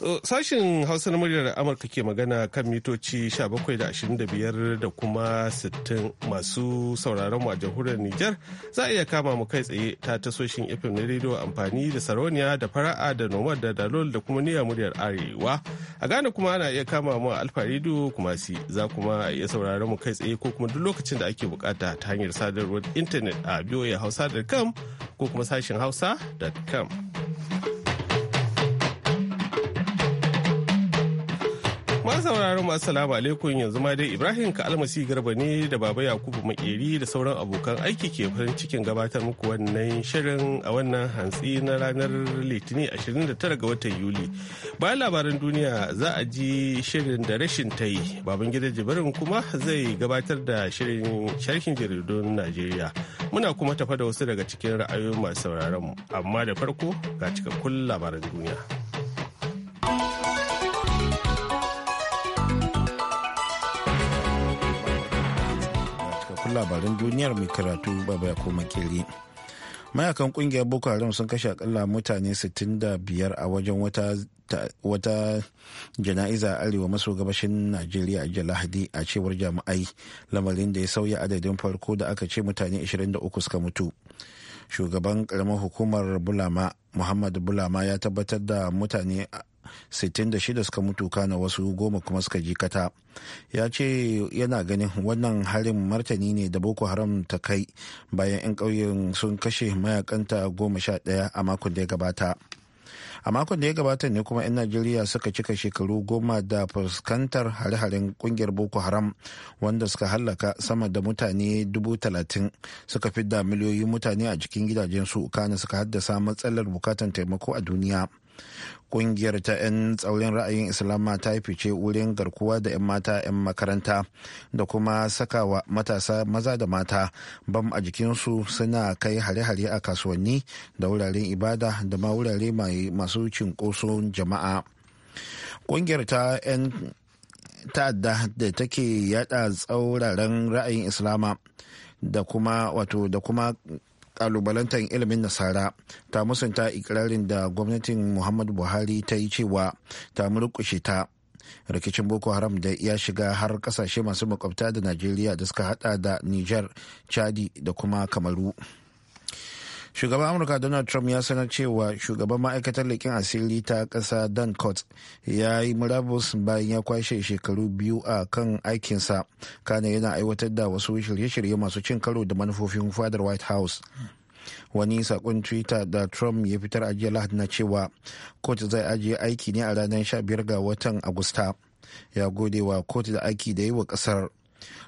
Uh, sashen Hausa na muryar Amurka ke magana kan mitoci 17.25 da kuma 60 masu sauraron mu a jamhuriyar Nijar za a iya kama mu kai tsaye ta tasoshin FM na rediyo amfani da sarauniya da fara'a da noma da dalol da kuma niyyar muryar arewa. A Ghana kuma ana iya kama mu alfa rediyo kuma si za kuma a iya sauraron mu kai tsaye ko kuma duk lokacin da ake bukata ta hanyar sadarwar intanet a voahausa.com ko kuma sashen hausa.com. Ma sauraron mu assalamu alaikum yanzu ma dai Ibrahim ka almasi garba ne da Baba Yakubu Makeri da sauran abokan aiki ke farin cikin gabatar muku wannan shirin a wannan hantsi na ranar Litinin 29 ga watan Yuli. Bayan labaran duniya za a ji shirin da rashin ta yi. Baban gida Jibrin kuma zai gabatar da shirin sharhin jaridun Najeriya. Muna kuma tafa da wasu daga cikin ra'ayoyin masu sauraron mu. Amma da farko ga cikakkun labaran duniya. labaran duniyar mai karatu baba ko makeri mayakan kungiyar boko haram sun kashe akalla mutane 65 a wajen wata wata jana'iza arewa maso gabashin najeriya a lahadi a cewar jami'ai lamarin da ya sauya adadin farko da aka ce mutane 23 suka mutu shugaban karamar hukumar bulama muhammad bulama ya tabbatar da mutane 66 suka mutu kana wasu goma kuma suka jikata ya ce yana ganin wannan harin martani ne da boko haram ta kai bayan 'yan ƙauyen sun kashe mayakanta goma sha ɗaya a makon da ya gabata a makon da ya gabata ne kuma 'yan najeriya suka cika shekaru goma da fuskantar hare-haren kungiyar boko haram wanda suka hallaka sama da mutane dubu talatin suka fidda miliyoyin mutane a cikin gidajensu kana suka haddasa matsalar bukatan taimako a duniya kungiyar ta 'yan tsaurin ra'ayin islama ta yi fice wurin garkuwa da 'yan mata 'yan makaranta da kuma sakawa matasa maza da mata bam a jikinsu suna kai hare-hare a kasuwanni da wuraren ibada da ma wurare masu cinkoson jama'a kungiyar ta 'yan ta'adda da take yada tsauraran ra'ayin islama da kuma wato da kuma kalubalantar ilimin nasara ta musanta ikirarin da gwamnatin muhammadu buhari ta yi cewa ta murkushe ta rikicin boko haram da ya shiga har kasashe masu makwabta da najeriya da suka hada da niger chadi da kuma kamaru shugaban amurka donald trump ya sanar cewa shugaban ma'aikatar leƙin asiri ta ƙasa dan court ya yi murabus bayan ya kwashe shekaru biyu a kan aikinsa kana yana aiwatar da wasu shirye-shirye masu cin karo da manufofin fadar white house wani sakon twitter da trump ya fitar a jiya lahadi na cewa court zai ajiye aiki ne a ranar 15 ga watan agusta ya gode wa kotu da aiki da yi wa kasar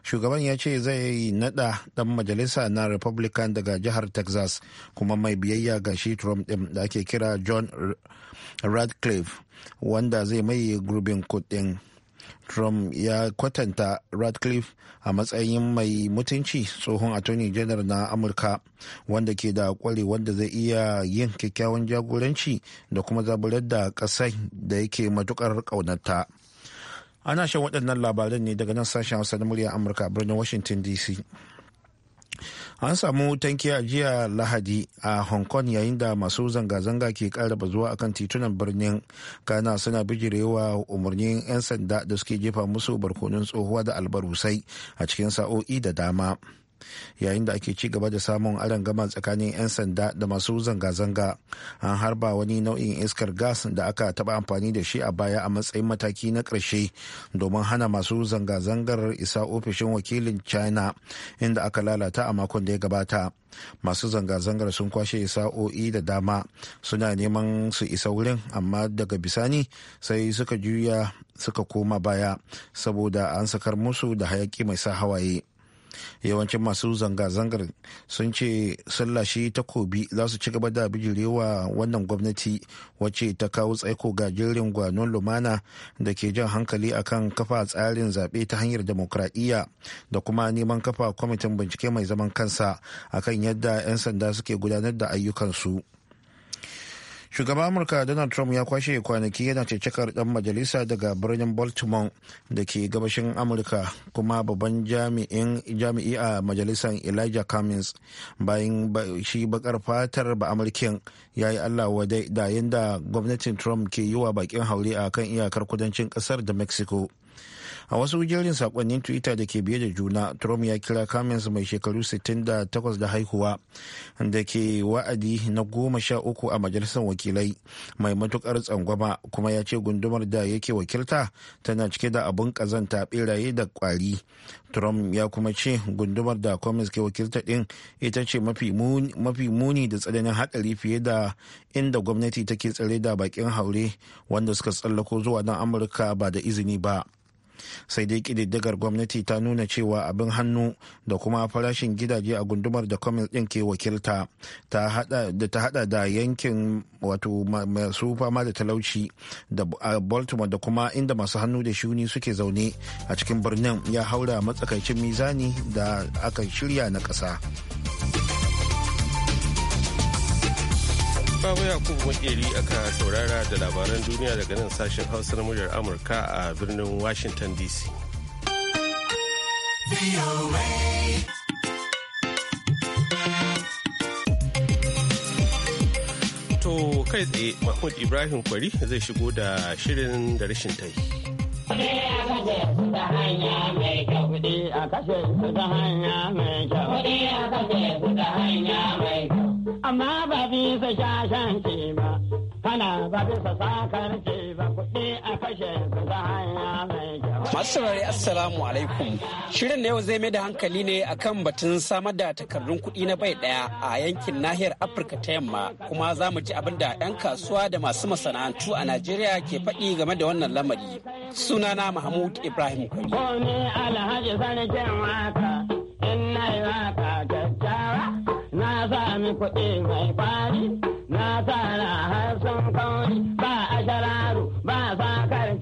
shugaban ya ce zai nada dan majalisa na republican daga jihar texas kuma mai biyayya ga shi trump din da ake kira john radcliffe wanda zai mai gurbin kudin trump ya kwatanta radcliffe a matsayin mai mutunci tsohon attorney general na amurka wanda ke da kware wanda zai iya yin kyakkyawan jagoranci da kuma zaburar da kasai da yake matukar ƙaunata. ana shan waɗannan labaran ne daga nan sashen hausa na murya amurka a birnin washington dc an samu tankiya jiya lahadi a hong kong yayin da masu zanga-zanga ke karaba zuwa akan titunan birnin kana suna bijirewa umarnin 'yan sanda da suke jefa musu barkonon tsohuwa da albarusai a cikin sa'o'i da dama yayin da ake ci gaba da samun gama tsakanin 'yan sanda da masu zanga-zanga an harba wani nau'in iskar gas da aka taɓa amfani da shi a baya a matsayin mataki na ƙarshe domin hana masu zanga-zangar isa ofishin wakilin china inda aka lalata a makon da ya gabata masu zanga-zangar sun kwashe sa'o'i da dama suna neman su isa wurin amma daga bisani sai suka juya suka koma baya saboda an sakar musu da hayaki mai sa hawaye yawancin masu zanga-zangar sun ce sallashi takobi za su ci gaba da bijirewa wannan gwamnati wacce ta kawo tsaiko ga jerin gwanon lumana da ke jan hankali akan kafa tsarin zaɓe ta hanyar demokradiyya da kuma neman kafa kwamitin bincike mai zaman kansa akan yadda 'yan sanda suke gudanar da ayyukansu. shugaban amurka donald trump ya kwashe kwanaki yana cecekar dan majalisa daga birnin baltimore da ke gabashin amurka kuma babban jami'i a majalisar elijah cummings bayan shi bakar fatar ba amurkin ya yi allah wadai da da gwamnatin trump ke yi wa bakin haure a kan iyakar kudancin kasar da mexico a wasu jerin sakonnin twitter da ke biye da juna trump ya kira kamens mai shekaru 68 da haihuwa da ke wa'adi na goma sha uku a majalisar wakilai mai matukar tsangwama kuma ya ce gundumar da yake wakilta tana cike da abun kazanta beraye da kwari trump ya kuma ce gundumar da commons ke wakilta din ita ce mafi muni da tsananin hatsari fiye da inda gwamnati take tsare da bakin haure wanda suka tsallako zuwa nan amurka ba da izini ba sai dai kididdigar gwamnati ta nuna cewa abin hannu da kuma farashin gidaje a gundumar da commons din ke wakilta ta hada da yankin wato masu fama da talauci da baltimore da kuma inda masu hannu da shuni suke zaune a cikin birnin ya haura matsakaicin mizani da aka shirya na ƙasa. Baba Yakubu Makeri aka saurara da labaran duniya daga nan sashen Hausa na muryar Amurka a birnin Washington DC. To kai tsaye Mahmud Ibrahim Kwari zai shigo da shirin da rashin tai. a kashe hanya mai kyau. a kashe hanya mai kyau. amma ba bisa shashan ke ba, kana ba bisa sakar ke ba kuɗi a kashe su ta hanya mai kyau. Masu saurari Assalamu alaikum. Shirin da yau zai mai da hankali ne akan batun samar da takardun kuɗi na bai ɗaya a yankin nahiyar Afirka ta yamma kuma za mu ji abin da 'yan kasuwa da masu masana'antu a Najeriya ke faɗi game da wannan lamari. Sunana Mahmud Ibrahim Kwari. Ko ni alhaji sarkin waka, in na waka kuɗi mai kwari na tara har sun kauri ba ba sai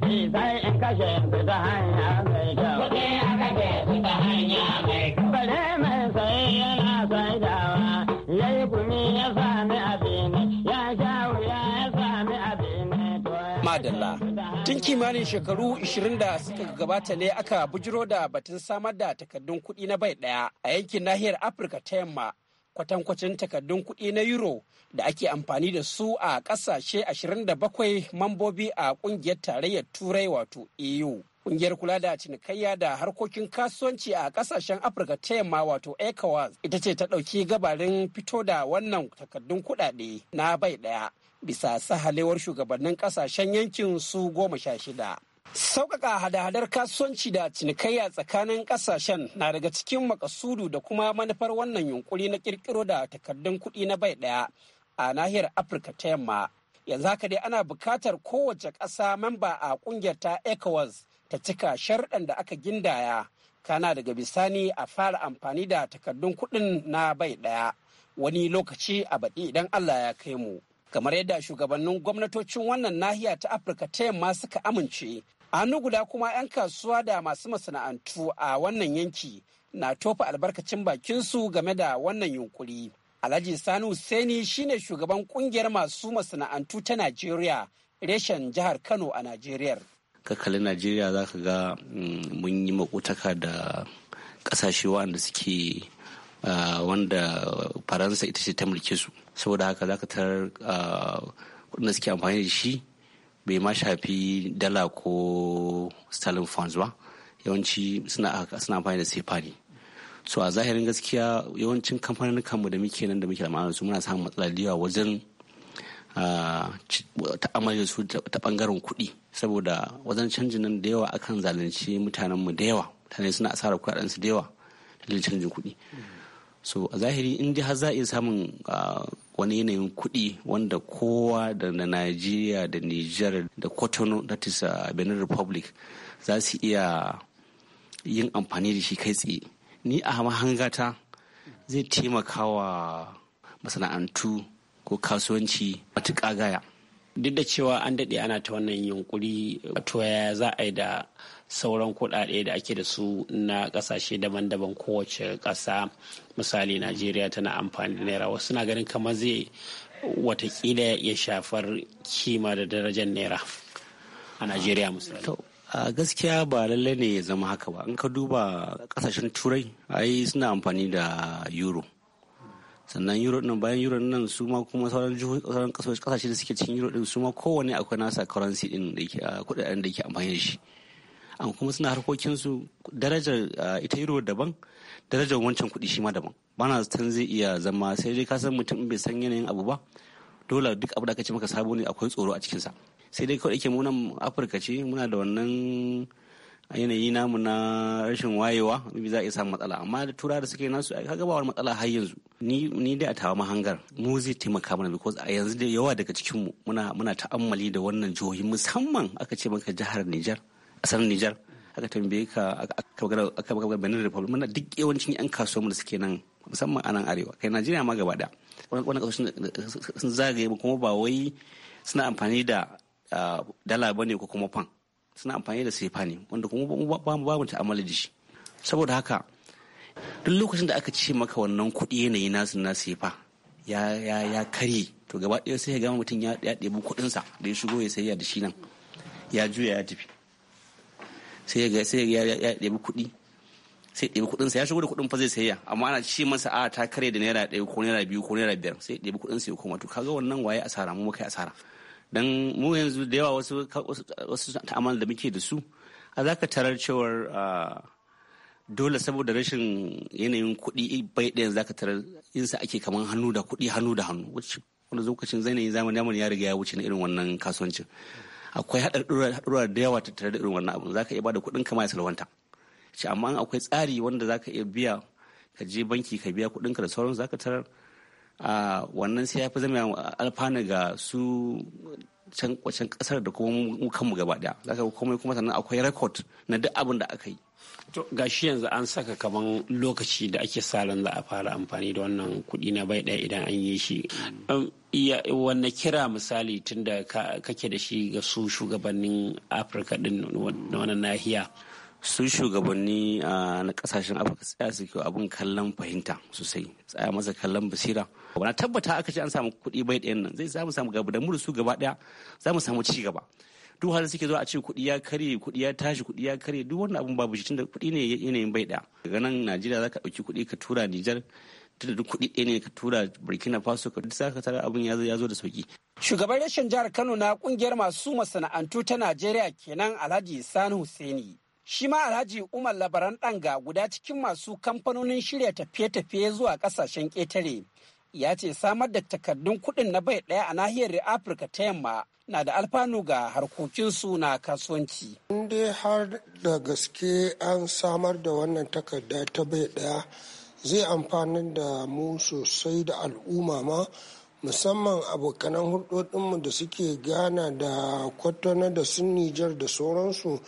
in Tun kimanin shekaru 20 da suka gabata ne aka bujiro da batun samar da takardun kuɗi na bai ɗaya a yankin nahiyar Afirka ta yamma kwatankwacin takardun kuɗi na euro da ake amfani da su a ƙasashe 27 mambobi a ƙungiyar tarayyar turai wato eu Ƙungiyar kula da cinikayya da harkokin kasuwanci a ƙasashen Afirka ta yamma wato ECOWAS ita ce ta ɗauki gabarin fito da wannan takardun kuɗaɗe na bai ɗaya bisa sahalewar shugabannin ƙasashen yankin su goma sha shida. Sauƙaƙa hada-hadar kasuwanci da cinikayya tsakanin ƙasashen na daga cikin makasudu da kuma manufar wannan yunkuri na ƙirƙiro da takardun kuɗi na bai ɗaya a nahiyar Afirka ta yamma. Yanzu haka dai ana buƙatar kowace ƙasa mamba a ƙungiyar ta ECOWAS ta cika sharɗan da aka gindaya. Kana daga bisani a fara amfani da takardun kuɗin na bai ɗaya wani lokaci a baɗi idan Allah ya kai mu. Kamar yadda shugabannin gwamnatocin wannan nahiya ta Afirka ta yamma suka amince hannu guda kuma 'yan kasuwa da masu masana'antu a wannan yanki na tofa albarkacin bakinsu game da wannan yunkuri alhaji sani Hussaini shine shugaban kungiyar masu masana'antu ta najeriya reshen jihar kano a najeriya kakkalin najeriya za ka ga mm, mun yi makutaka da kasashe wanda suke wanda faransa ita ce ta mulke su saboda haka za ka tarar kudin da suke amfani da shi bai ma shafi dala ko sterling funds ba yawanci suna amfani da sefa so a zahirin gaskiya yawancin kamfanin kanmu da muke nan da muke da su muna samun matsala da yawa wajen ta'amali su ta bangaren kuɗi saboda wajen canjin nan da yawa akan zalunci mutanen mu da yawa mutane suna asarar kuɗaɗen su da yawa da canjin kuɗi so a zahiri in dai har za a iya samun wani yanayin kuɗi wanda kowa da na Najeriya da Nijar da kotono that is a uh, Benin Republic za su iya yin amfani da shi kai tsaye. Ni a mahangata zai taimaka wa masana'antu ko kasuwanci matuƙa gaya. duk da cewa an daɗe ana ta wannan yunkuri wato ya za a yi da sauran kuɗaɗe da ake da su na ƙasashe daban-daban kowace ƙasa misali najeriya tana amfani da naira wasu na ganin kamar zai watakila ya shafar kima da darajar naira a najeriya misali a gaskiya ba lallai ne ya zama haka ba in ka duba kasashen turai ai suna amfani da euro sannan euro din bayan euro nan su ma kuma sauran sauran kasashe da suke cikin euro din su ma kowane akwai nasa currency din da yake ah, kudaden da yake amfani shi an kuma suna harkokin su darajar ah, ita euro daban darajar wancan kuɗi shi ma daban bana zan zai iya zama sai dai ka san mutum bai san yanayin abu ba dole duk abu da ka ce maka sabo ne akwai tsoro a sa sai dai kawai ke munan afirka ce muna da wannan a yanayi namu na rashin wayewa bi za a iya samun matsala amma da tura da suke nasu a kaga bawar matsala har yanzu ni da dai a tawa mahangar mu zai taimaka mana because a yanzu da yawa daga cikin mu muna muna ta'ammali da wannan jihohi musamman aka ce maka jihar Niger asar Niger aka tambaye ka aka aka Benin Republic muna duk yawancin yan kasuwar mu da suke nan musamman a nan arewa kai Najeriya ma gaba daya wannan kasashen sun zagaye kuma ba wai suna amfani da ah, dala bane ko kuma fan suna amfani da sefa ne wanda kuma ba mu babu ta'amala da shi saboda haka duk lokacin da aka ce maka wannan kuɗi yanayi nasu na sefa ya ya ya karye to gaba ɗaya sai ya gama mutum ya ɗebi kuɗinsa da ya shigo ya sayya da shi nan ya juya ya tafi sai ya sai ya ya ɗebi kuɗi sai ɗebi kuɗinsa ya shigo da kuɗin fa zai sayya amma ana ce masa a ta karye da naira ɗaya ko naira biyu ko naira biyar sai ɗebi kuɗinsa ya koma to kaga wannan waye asara mu kai asara don mu yanzu da yawa wasu wasu ta'amal da muke da su a zaka tarar cewar dole saboda rashin yanayin kuɗi bai ɗayan zaka tarar yinsa ake kaman hannu da kuɗi hannu da hannu wacce wani lokacin zanayin zamani zamani ya riga ya wuce na irin wannan kasuwancin akwai haɗarɗura da yawa tattare da irin wannan za zaka iya bada kuɗin kama ya salwanta shi amma akwai tsari wanda zaka iya biya ka je banki ka biya kuɗinka da sauran zaka tarar wannan sai ya fi zama alfanu ga su can kwacen kasar da kuma kanmu gaba daya zaka komai kuma sannan akwai rekod na duk abin da aka yi to gashi yanzu an saka kaman lokaci da ake sa za a fara amfani da wannan kuɗi na bai ɗaya idan an yi shi um, wanne kira misali tun da kake da shi ga su shugabannin afirka din wannan nahiya su shugabanni na kasashen afirka tsaya su kyau abin kallon fahimta sosai tsaya masa kallon basira wani tabbata aka ce an samu kuɗi bai ɗayan nan zai samu samu gaba da mu su gaba ɗaya za mu samu ci gaba duk har suke zo a ce kuɗi ya kare kuɗi ya tashi kuɗi ya kare duk wannan abun babu shi tunda kuɗi ne yanayin bai ɗaya daga nan najeriya za ka ɗauki kuɗi ka tura nijar tunda duk kuɗi ɗaya ne ka tura burkina faso ka duk za ka tara abin ya zo da sauki shugaban rashin jihar kano na kungiyar masu masana'antu ta najeriya kenan alhaji sani hussaini Shi ma Alhaji Umar Labaran Ɗanga guda cikin masu kamfanonin shirya tafiye-tafiye zuwa ƙasashen ƙetare. Ya ce samar da takardun kuɗin na bai ɗaya a nahiyar Afirka ta yamma na da alfanu ga harkokinsu na kasuwanci. In dai har da gaske an samar da wannan takarda ta bai ɗaya zai amfani da mu sosai da al'umma ma musamman abokanan hurdodinmu da suke gana da kwatona da sun nijar da sauransu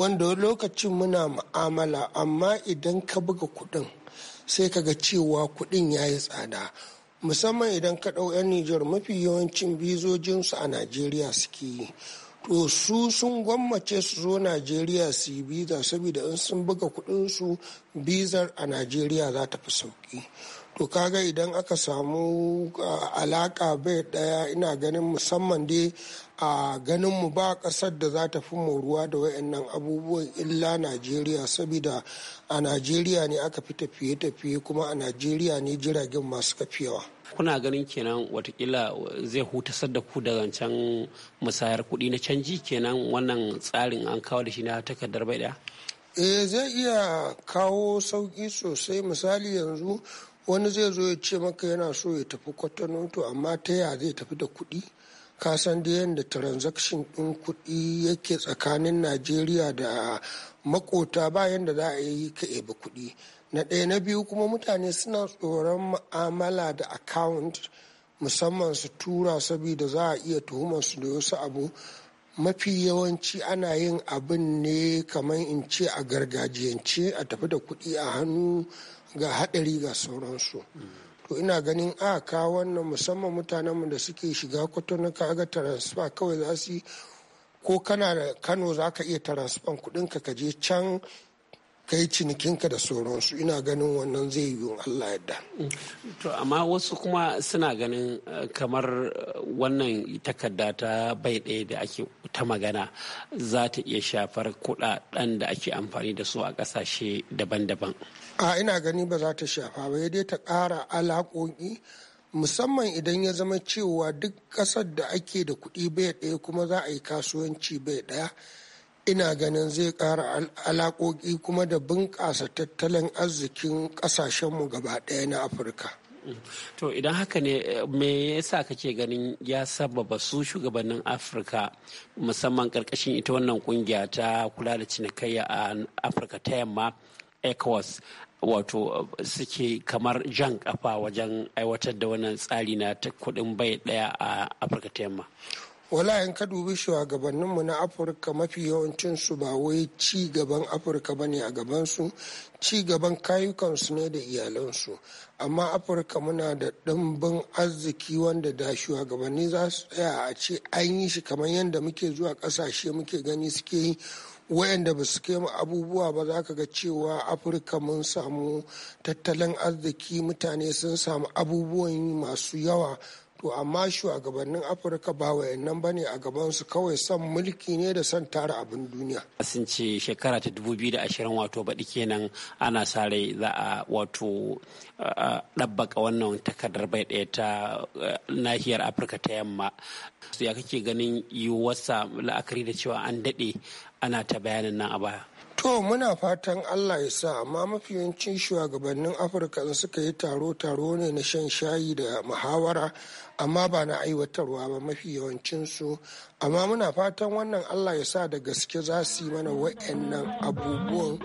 wanda lokacin muna ma'amala amma idan ka buga kuɗin sai ka ga cewa kuɗin ya yi tsada musamman idan ka ɗau 'yan Nijar mafi yawancin bizojinsu a Najeriya suke yi. To su sun gwammace su zo Najeriya su yi biza saboda in sun buga su bizar a Najeriya za ta fi sauƙi. to kaga idan aka samu ah, alaka bai daya ina ganin musamman dai a ah, ganin mu ba kasar da za ta fi moruwa da wayannan abubuwan illa najeriya saboda a najeriya ne aka fi tafiye-tafiye kuma a najeriya ne jiragen masu kafiyawa kuna ganin kenan watakila zai hutasar da ku da zancen musayar kuɗi na canji kenan wannan tsarin an kawo da shi na takardar bai eh zai iya kawo sauki sosai misali yanzu wani zai zo ya ce maka yana so ya tafi kwatano to amma ta ya zai tafi da kuɗi ka san da yadda transaction ɗin kuɗi yake tsakanin najeriya da makota ba yadda za a yi ka ebe kuɗi na ɗaya na biyu kuma mutane suna tsoron ma'amala da account musamman su tura saboda za a iya tuhumar su da wasu abu mafi yawanci ana yin abin ne kamar in ce a gargajiyance a tafi da kuɗi a hannu ga haɗari ga sauransu to ina ganin a ka wannan musamman mutanenmu da suke shiga kwatano ka ga transfer kawai za su ko kana da kano za ka iya transfer kuɗinka ka je can ka yi cinikinka da sauransu ina ganin wannan zai yi Allah yadda. To amma wasu kuma suna ganin eh, kamar eh, wannan takarda ta bai ɗaya da ake ta magana za ta iya shafar kuɗaɗen da ake amfani da su a ƙasashe daban-daban. a ina gani ba za ta shafa ba dai ta ƙara alaƙoƙi musamman idan ya zama cewa duk ƙasar da ake da kuɗi bai ɗaya kuma za a yi kasuwanci bai ɗaya ina ganin zai ƙara alaƙoƙi kuma da bunƙasa tattalin arzikin ƙasashenmu gaba ɗaya na afirka to idan haka ne me yasa kake ganin ya sababa su shugabannin afirka musamman ƙarƙashin ita wannan ƙungiya ta kula da cinikayya a afirka ta yamma ecowas wato uh, suke kamar jan kafa wajen aiwatar da wannan tsari na ta kudin bai daya a afirka ta yamma wala in ka dubi shugabanninmu na afirka mafi yawancin su ba wai ci gaban afirka bane ne a gabansu ci gaban kayukansu ne da iyalansu amma afirka muna da ɗimbin arziki wanda da shugabanni za su tsaya a ce an yi shi kamar yadda muke zuwa ƙasashe muke gani suke yi wayanda ba su kai abubuwa ba za ka ga cewa afirka mun samu tattalin arziki mutane sun samu abubuwan masu yawa to amma shugabannin afirka ba wayannan ba ne a su kawai son mulki ne da son tara abin duniya sun ce shekara ta ashirin wato baɗi kenan ana sa rai za a wato ɗabbaka wannan takardar bai ɗaya ta nahiyar afirka ta yamma ya kake ganin yiwuwarsa la'akari da cewa an daɗe ana ta bayanin nan a baya To muna fatan Allah ya sa amma mafi yancin shugabannin Afirka in suka yi taro-taro ne na shan shayi da muhawara amma ba na aiwatarwa ba mafi yawancinsu amma muna fatan wannan Allah ya sa da gaske za su yi mana wa'annan abubuwan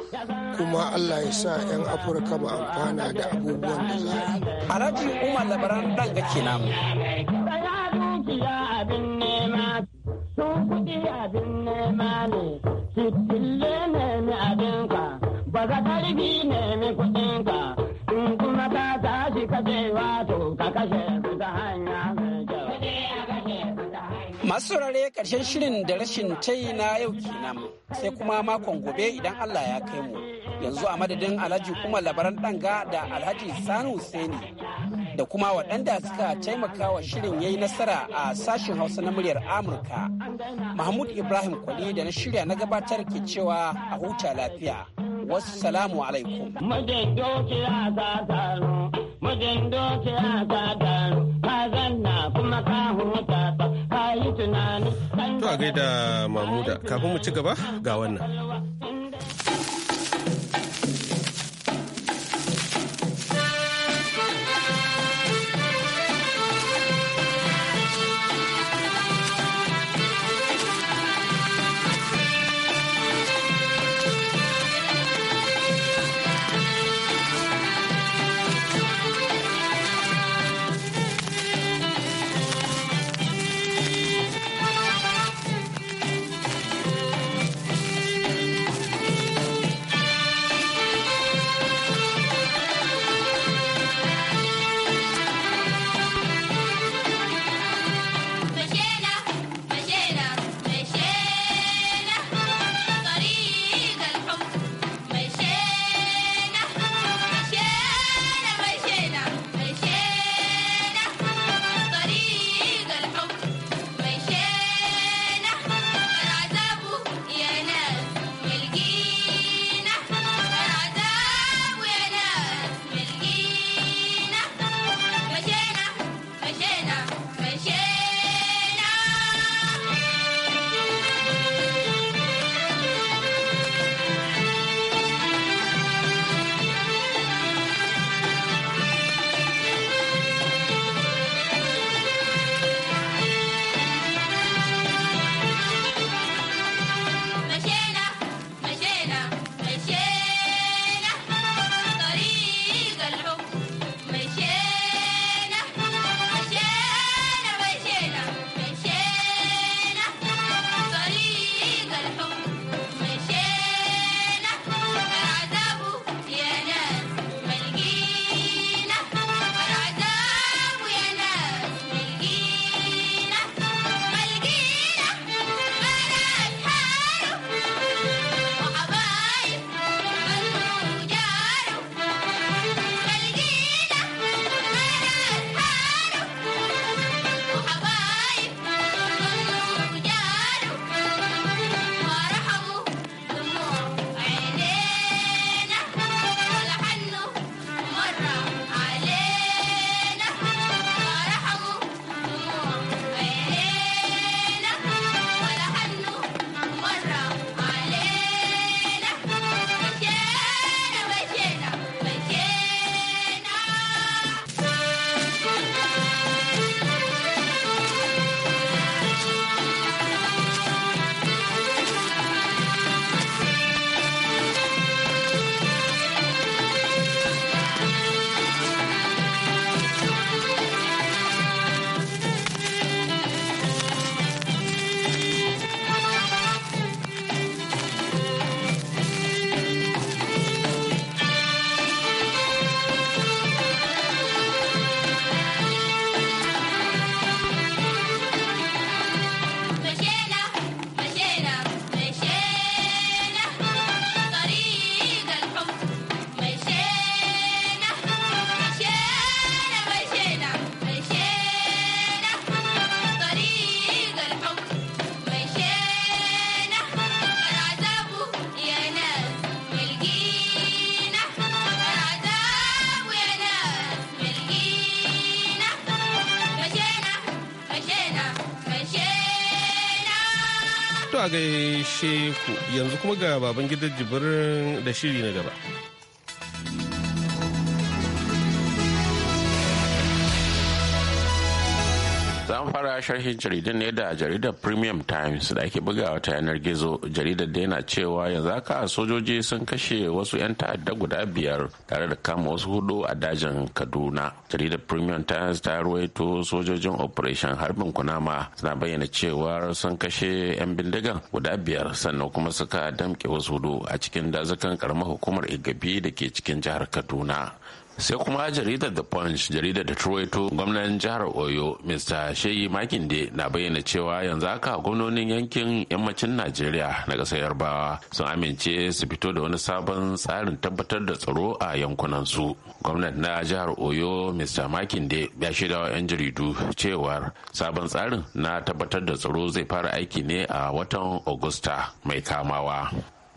kuma Allah ya sa 'yan Afirka ba amfana da abubuwan da za yi. Umar Labaran gake namu. Sun kuɗi abin nema ne. Sitille ne mi abinka, baza karbi ne mi kuɗinka, in kuma ka tashi ka je wato ka kashe ta hanya mai kyau. Masu saurare ƙarshen shirin da rashin tai na yau kenan sai kuma makon gobe idan Allah ya kai mu. Yanzu a madadin Alhaji kuma labaran ɗanga da Alhaji Sani Hussaini da kuma waɗanda suka taimaka wa shirin ya yi nasara a sashen hausa na muryar amurka mahmud ibrahim kwali da na shirya na gabatar ke cewa a huta lafiya wasu salamu alaikum To a gaida Mahmuda kafin mu ci gaba ga wannan. gaishe yanzu kuma ga baban gidan jibirin da shiri na gaba. sharhin Jaridun ne da jaridar premium times da ake bugawa ta yanar gizo jaridar da yana cewa yanzu haka sojoji sun kashe wasu 'yan ta'adda guda biyar tare da kama wasu hudu a dajin kaduna jaridar premium times ta ruwaito sojojin operation harbin kunama suna bayyana cewa sun kashe 'yan bindigan guda biyar sannan kuma suka damke wasu hudu a cikin dazukan karamar hukumar igabi da ke cikin jihar kaduna sai kuma jaridar the punch jaridar da troito gwamnan jihar oyo mr sheyi makinde na bayyana cewa yanzu haka gwamnonin yankin yammacin najeriya na ƙasar yarbawa sun amince su fito da wani sabon tsarin tabbatar da tsaro a yankunansu gwamnan na jihar oyo mr makinde ya shaida wa 'yan jaridu cewar sabon tsarin na tabbatar da tsaro zai fara aiki ne a watan augusta mai kamawa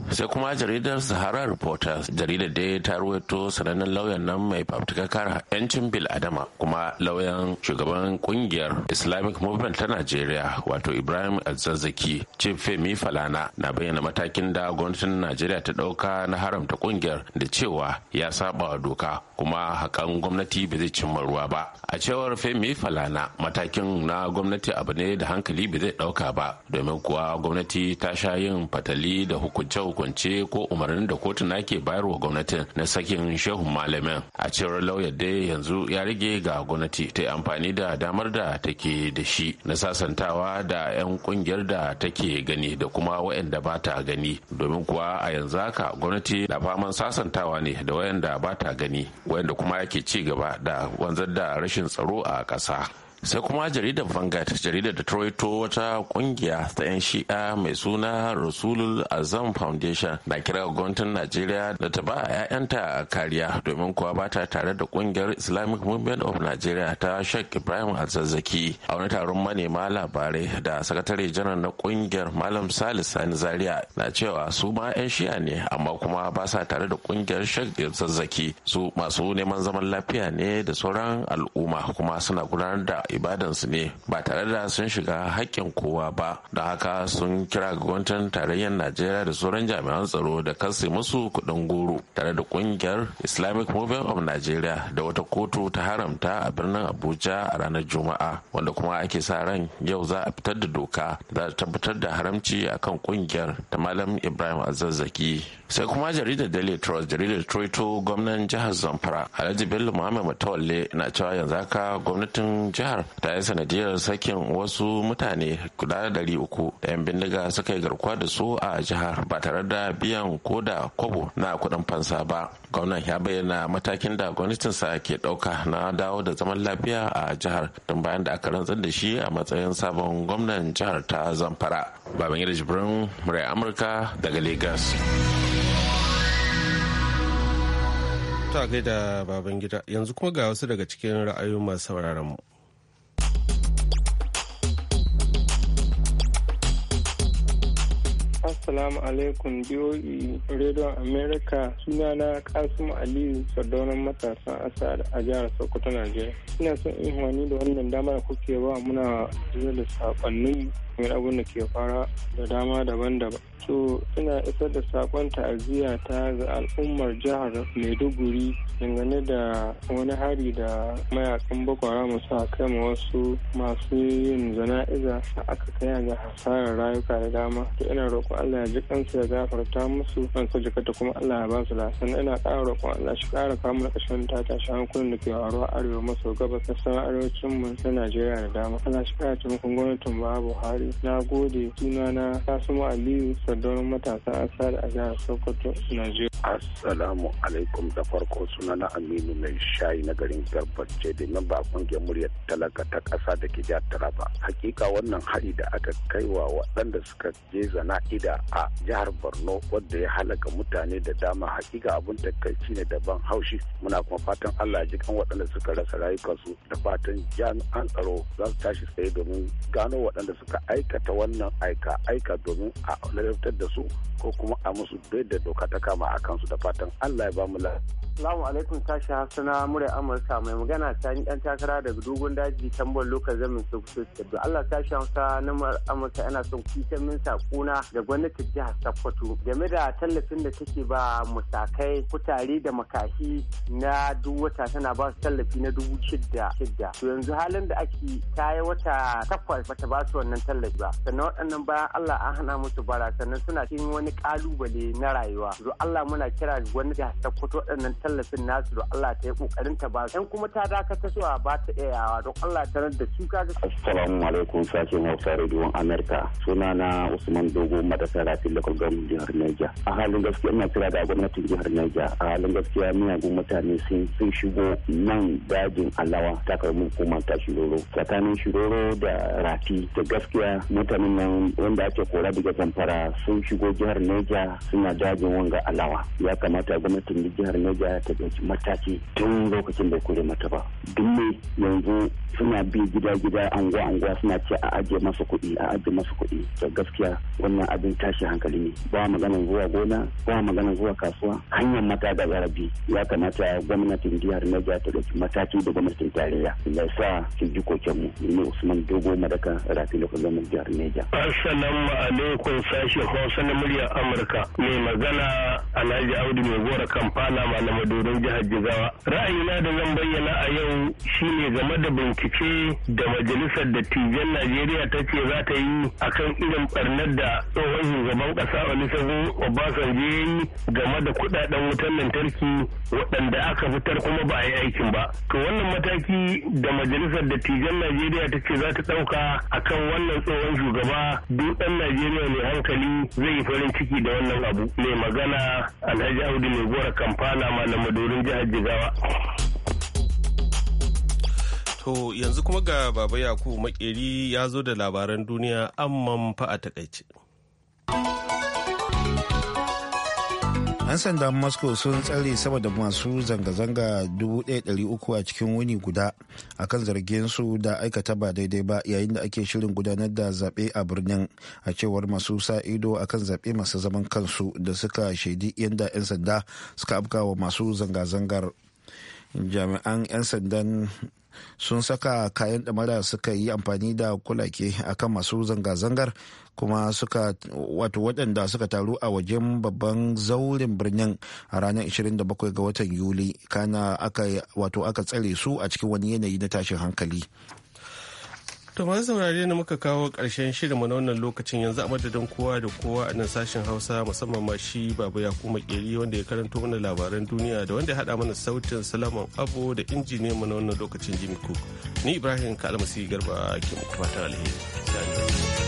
sai kuma jaridar sahara reporters jaridar da ta ruwaito sanannen lauyan nan mai fafutukar yancin bil adama kuma lauyan shugaban kungiyar islamic movement ta najeriya wato ibrahim Azzazzaki. chief femi falana na bayyana matakin da gwamnatin najeriya ta dauka na haramta kungiyar da cewa ya saba wa doka kuma hakan gwamnati ba zai cimma ruwa ba a cewar femi falana matakin na gwamnati abu ne da hankali ba zai dauka ba domin kuwa gwamnati ta sha yin fatali da hukuncin hukunce ko umarnin da kotuna ke bayarwa gwamnatin na sakin shehu malamin a cewar lauyar dai yanzu ya rage ga gwamnati ta yi amfani da damar da take da shi na sasantawa da 'yan kungiyar da take gani da kuma wayanda ba ta gani domin kuwa a yanzu haka gwamnati na faman sasantawa ne da wayanda ba ta gani wayanda kuma yake ci gaba da wanzar da rashin tsaro a ƙasa. sai kuma jaridar vanguard jaridar da waito wata kungiya ta 'yan shi'a mai suna rasulul azam foundation na kira gwamnatin najeriya da ta ba a 'ya'yanta a kariya domin kuwa ba ta tare da kungiyar islamic movement of nigeria ta sheikh ibrahim alzazzaki a wani taron manema labarai da sakatare janar na kungiyar malam salis sani zaria na cewa su ma 'yan shi'a ne amma kuma ba sa tare da kungiyar sheikh alzazzaki su masu neman zaman lafiya ne da sauran al'umma kuma suna gudanar da ibadansu ne ba tare da sun shiga haƙƙin kowa ba da haka sun kira ga gwamnatin tarayyar najeriya da sauran jami'an tsaro da kansu musu kuɗin goro tare da ƙungiyar islamic movement of nigeria da wata kotu ta haramta a birnin abuja a ranar juma'a wanda kuma ake sa ran yau za a fitar da doka za ta tabbatar da haramci akan ƙungiyar ta malam ibrahim azazzaki sai kuma jaridar daily trust jaridar troito gwamnan jihar zamfara alhaji bello muhammad mutawalle na cewa yanzu haka gwamnatin jihar ta yi sanadiyar sakin wasu mutane guda dari uku da 'yan bindiga suka yi garkuwa da su a jihar ba tare da biyan ko da kwabo na kuɗin fansa ba gwamnan ya bayyana matakin da gwamnatinsa ke ɗauka na dawo da zaman lafiya a jihar don bayan da aka rantsar da shi a matsayin sabon gwamnan jihar ta zamfara baban jibrin murai amurka daga lagos ta gaida baban gida yanzu kuma ga wasu daga cikin ra'ayoyin masu sauraron mu Assalamu alaikum DOE Radio America sunana Kasim Aliyu sardaunan matasan asar a jihar Sokoto Najeriya. Ina son in da wannan damar da kuke ba muna da sakonnin akwai abun da ke fara da dama daban-daban so ina isar da sakon ta'aziyya ta ga al'ummar jihar maiduguri dangane da wani hari da mayakan bakwara musu a kai wasu masu yin zana'iza da aka kai ga hasarar rayuka da dama to ina roƙo allah ya ji kansu ya gafarta musu kan su jikata kuma allah ya ba su lasan ina ƙara roƙon allah shi ƙara ƙashin ta ta shi hankulin da ke faruwa arewa maso gabas na sauran arewacin mu na najeriya da dama allah shi ƙara taimakon gwamnatin ba buhari na gode sunana kasimu aliyu sardaunar matasan asar a jihar sokoto najeriya Assalamu alaikum da farko suna na Aminu mai shayi na garin Garbace da nan ba kungiyar muryar talaka ta ƙasa da ke jihar Taraba. Hakika wannan hari da aka kai wa waɗanda suka je zana ida a jihar Borno wadda ya halaka mutane da dama hakika abin takaici ne da ban haushi muna kuma fatan Allah ji kan waɗanda suka rasa rayukansu da fatan jami'an tsaro za su tashi tsaye domin gano waɗanda suka aikata wannan aika aika domin a lalatar da su ko kuma a musu bai da doka ta kama aka kansu da fatan Allah ya ba mu lafiya. Salamu alaikum tashi hasana murai Amurka mai magana ta yi ɗan takara daga dogon daji tambar lokal zamin Sokoto State. Allah tashi hausa na Amurka yana son kusan min sakuna da gwamnatin jihar Sokoto game da tallafin da take ba musakai kutare da makashi na duk wata tana ba su tallafi na dubu shidda shidda. To yanzu halin da ake ta yi wata takwas bata ba su wannan tallafi ba. Sannan waɗannan bayan Allah an hana musu bara sannan suna cikin wani ƙalubale na rayuwa. To Allah muna kira gwamnati jihar Sokoto waɗannan tallafin nasu da Allah ta yi kokarin ta ba san kuma ta dakata suwa ba ta iyawa don Allah ta da su kaga assalamu alaikum sashen Hausa rediyon Amerika na Usman Dogo madasara filakul gwamnatin jihar naija a halin gaskiya ina kira da gwamnatin jihar naija a halin gaskiya miyagun mutane sun sun shigo nan dajin alawa ta karbi hukumar ta shiroro tsakanin shiroro da rafi da gaskiya mutanen nan wanda ake kora daga zamfara sun shigo jihar naija suna dajin wanga alawa ya kamata gwamnatin jihar naija ta ɗauki mataki tun lokacin bai kure mata ba duk ne yanzu suna bi gida gida anguwa anguwa suna ce a ajiye masa kuɗi a ajiye masa kuɗi to gaskiya wannan abin tashi hankali ne ba maganar zuwa gona ba maganar zuwa kasuwa hanyar mata da zarabi ya kamata gwamnatin jihar Niger ta ɗauki mataki da gwamnatin tarayya da sa su ji mu ne Usman Dogo Madaka Rafi Lokacin Jihar Niger. Assalamu alaikum sashen Hausa na muryar Amurka mai magana Alhaji Audu mai gora Kampala malamu dodon jihar Jigawa. Ra'ayina da zan bayyana a yau shine game da bincike da majalisar dattijan Najeriya ta ce za ta yi akan irin barnar da tsohon shugaban ƙasa Olusegun Obasanjo ya yi game da kuɗaɗen wutar lantarki waɗanda aka fitar kuma ba a yi aikin ba. To wannan mataki da majalisar dattijan Najeriya ta ce za ta ɗauka akan wannan tsohon shugaba duk ɗan Najeriya mai hankali zai yi farin ciki da wannan abu. Mai magana Alhaji Audu mai gora Kampala malam madorin jihar jigawa to yanzu kuma ga baba yakubu makeri ya zo da labaran duniya amma fa a takaice 'Yan sandan Moscow sun tsare sama da masu zanga-zanga 1,300 a cikin wuni guda akan zargin su da aikata ba daidai ba yayin da ake shirin gudanar da zaɓe a birnin a cewar masu sa ido akan zaɓe masu zaman kansu da suka shaidi yadda 'yan sanda suka wa masu zanga-zangar. jami'an 'yan sandan sun saka kayan ɗamara suka yi amfani da kulake akan masu zanga-zangar kuma suka wato waɗanda suka taru a wajen babban zaurin birnin a ranar 27 ga watan yuli kana aka wato aka tsare su a cikin wani yanayi na tashin hankali To ma saurare na muka kawo ƙarshen shirinmu na wannan lokacin yanzu a madadin kowa da kowa a nan sashen Hausa musamman ma shi Baba yaku Makeri wanda ya karanto mana labaran duniya da wanda ya haɗa mana sautin Salaman Abo da injiniyan mu na wannan lokacin Jimmy Cook. Ni Ibrahim Kalmasi Garba ke muku fatan alheri.